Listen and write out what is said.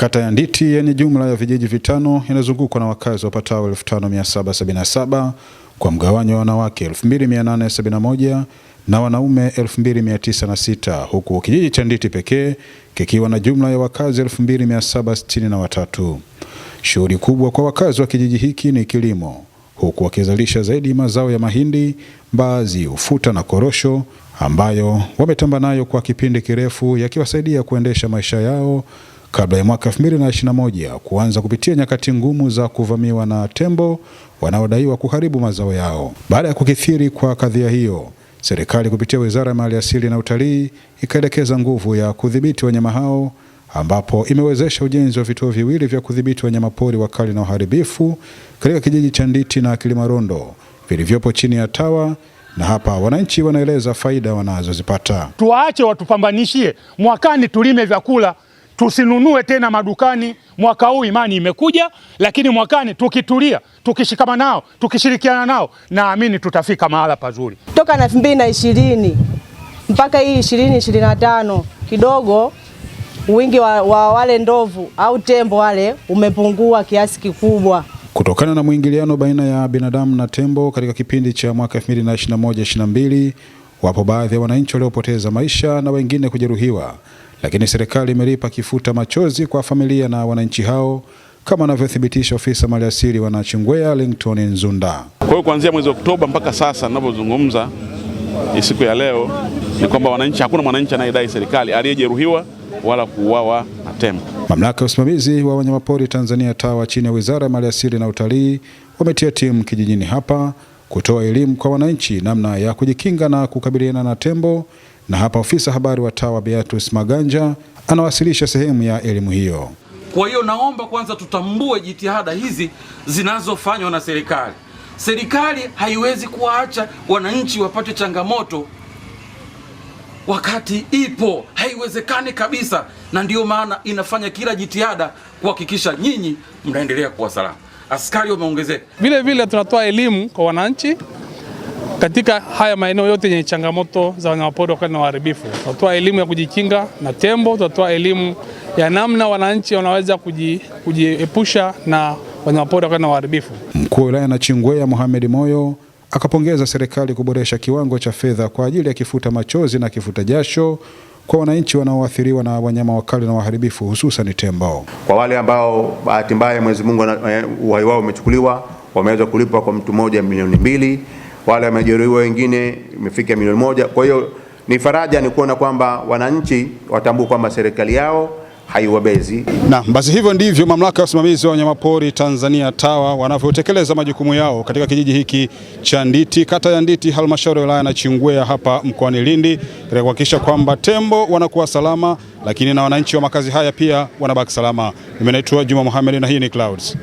Kata ya Nditi yenye jumla ya vijiji vitano inazungukwa na wakazi wapatao 5777 kwa mgawanyo wa wanawake 2871 na wanaume 2906 huku kijiji cha Nditi pekee kikiwa na jumla ya wakazi 2763. Shughuli kubwa kwa wakazi wa kijiji hiki ni kilimo, huku wakizalisha zaidi mazao ya mahindi, mbaazi, ufuta na korosho ambayo wametamba nayo kwa kipindi kirefu, yakiwasaidia kuendesha maisha yao kabla ya mwaka 2021 kuanza kupitia nyakati ngumu za kuvamiwa na tembo wanaodaiwa kuharibu mazao yao. Baada ya kukithiri kwa kadhia hiyo, serikali kupitia Wizara ya Maliasili na Utalii ikaelekeza nguvu ya kudhibiti wanyama hao ambapo imewezesha ujenzi wa vituo viwili vya kudhibiti wanyamapori wakali na uharibifu katika kijiji cha Nditi na Kilimarondo vilivyopo chini ya TAWA na hapa wananchi wanaeleza faida wanazozipata. Tuwaache watupambanishie, mwakani tulime vyakula tusinunue tena madukani. Mwaka huu imani imekuja, lakini mwakani tukitulia, tukishikama nao, tukishirikiana nao, naamini tutafika mahala pazuri. Toka na elfu mbili na ishirini mpaka hii ishirini ishirini na tano kidogo wingi wa, wa wale ndovu au tembo wale umepungua kiasi kikubwa kutokana na mwingiliano baina ya binadamu na tembo katika kipindi cha mwaka 2021-2022. Wapo baadhi ya wananchi waliopoteza maisha na wengine kujeruhiwa lakini serikali imelipa kifuta machozi kwa familia na wananchi hao kama anavyothibitisha ofisa maliasili Wanachingwea Lington Nzunda. Kwa hiyo kuanzia mwezi Oktoba mpaka sasa ninavyozungumza siku ya leo ni kwamba wananchi, hakuna mwananchi anayedai serikali aliyejeruhiwa wala kuuawa na tembo. Mamlaka ya usimamizi wa wanyamapori Tanzania TAWA chini ya Wizara ya Maliasili na Utalii wametia timu kijijini hapa kutoa elimu kwa wananchi namna ya kujikinga na kukabiliana na tembo, na hapa ofisa habari wa TAWA Beatus Maganja anawasilisha sehemu ya elimu hiyo. Kwa hiyo naomba kwanza tutambue jitihada hizi zinazofanywa na serikali. Serikali haiwezi kuwaacha wananchi wapate changamoto wakati ipo, haiwezekani kabisa, na ndiyo maana inafanya kila jitihada kuhakikisha nyinyi mnaendelea kuwa salama askari wameongezeka. Vile vile tunatoa elimu kwa wananchi katika haya maeneo yote yenye changamoto za wanyamapori wakati na uharibifu. Tunatoa elimu ya kujikinga na tembo, tunatoa elimu ya namna wananchi wanaweza kujiepusha na wanyamapori wakati na uharibifu. Mkuu wa wilaya Nachingwea Mohamed Moyo akapongeza serikali kuboresha kiwango cha fedha kwa ajili ya kifuta machozi na kifuta jasho kwa wananchi wanaoathiriwa na wanyama wakali na waharibifu hususan tembo. Kwa wale ambao bahati mbaya Mwenyezi Mungu eh, uhai wao umechukuliwa, wameweza kulipwa kwa mtu mmoja milioni mbili, wale wamejeruhiwa wengine imefika milioni moja. Kwa hiyo ni faraja ni kuona kwamba wananchi watambua kwamba serikali yao haiwabezi. Na basi hivyo ndivyo mamlaka ya usimamizi wa wanyamapori Tanzania TAWA wanavyotekeleza majukumu yao katika kijiji hiki cha Nditi, kata ya Nditi, halmashauri ya wilaya Nachingwea hapa mkoani Lindi, katika kuhakikisha kwamba tembo wanakuwa salama, lakini na wananchi wa makazi haya pia wanabaki salama. Mimi naitwa Juma Mohamed na hii ni Clouds.